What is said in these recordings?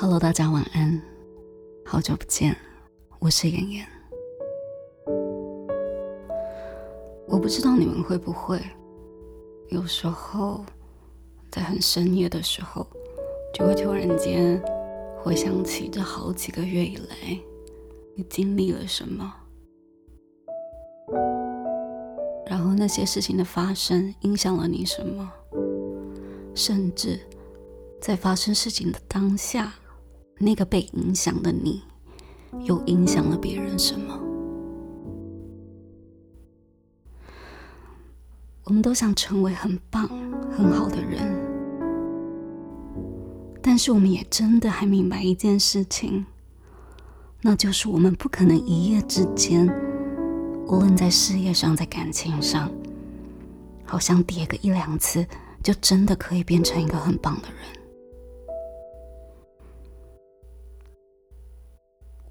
Hello，大家晚安，好久不見，我是妍妍。我不知道你們會不會，有時候在很深夜的時候，就會突然間回想起這好幾個月以來你經歷了什麼，然後那些事情的發生影響了你什麼，甚至在發生事情的當下。那個被影響的你，又影響了別人什麼？我們都想成為很棒、很好的人，但是我們也真的還明白一件事情，那就是我們不可能一夜之間，無論在事業上、在感情上，好像跌個一兩次，就真的可以變成一個很棒的人。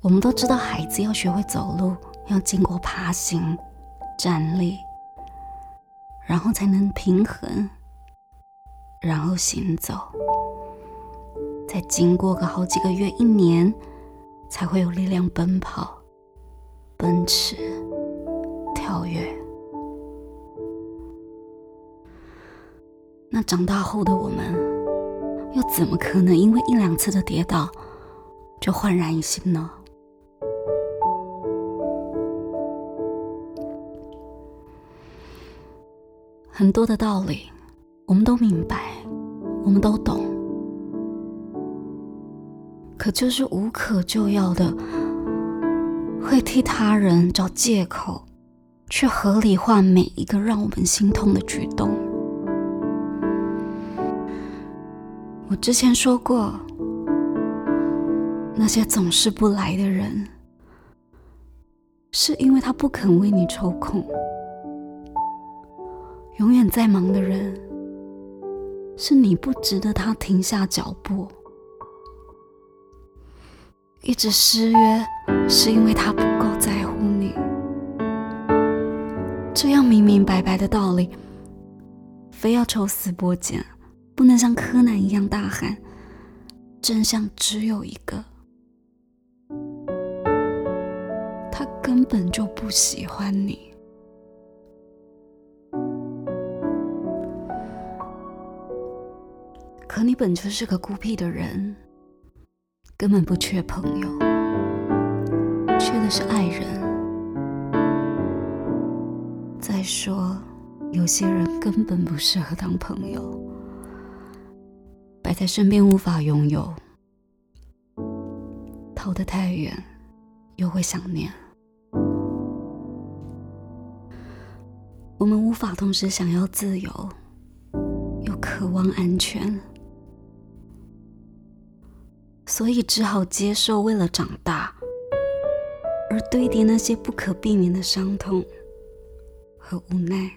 我們都知道，孩子要學會走路，要經過爬行、站立，然後才能平衡，然後行走，再經過個好幾個月、一年，才會有力量奔跑、奔馳、跳躍。那長大後的我們，又怎麼可能因為一兩次的跌倒，就煥然一新呢？很多的道理，我們都明白，我們都懂，可就是無可救藥的，會替他人找借口，去合理化每一個讓我們心痛的舉動。我之前說過，那些總是不來的人，是因為他不肯為你抽空。永遠在忙的人，是你不值得他停下腳步。一直失約，是因為他不夠在乎你。這樣明明白白的道理，非要抽絲剝繭，不能像柯南一樣大喊：真相只有一個。他根本就不喜歡你。可你本就是個孤僻的人，根本不缺朋友，缺的是愛人。再說，有些人根本不適合當朋友，擺在身邊無法擁有，逃得太遠，又會想念。我們無法同時想要自由，又渴望安全。所以只好接受，為了長大而堆疊那些不可避免的傷痛和無奈。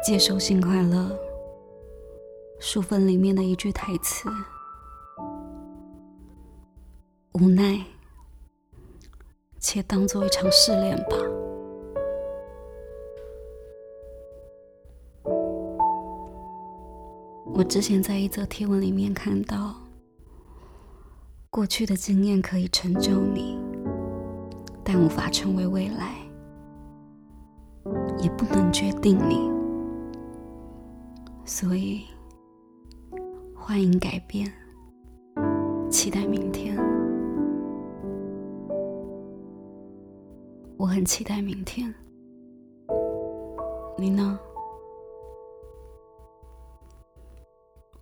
接受性快樂，書本裡面的一句台詞。無奈，且當做一場試煉吧。我之前在一則貼文裡面看到，過去的經驗可以成就你，但無法成為未來，也不能決定你。所以，歡迎改變，期待明天。我很期待明天，你呢？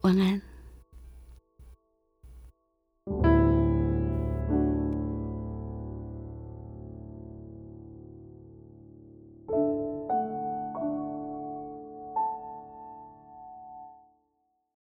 晚安。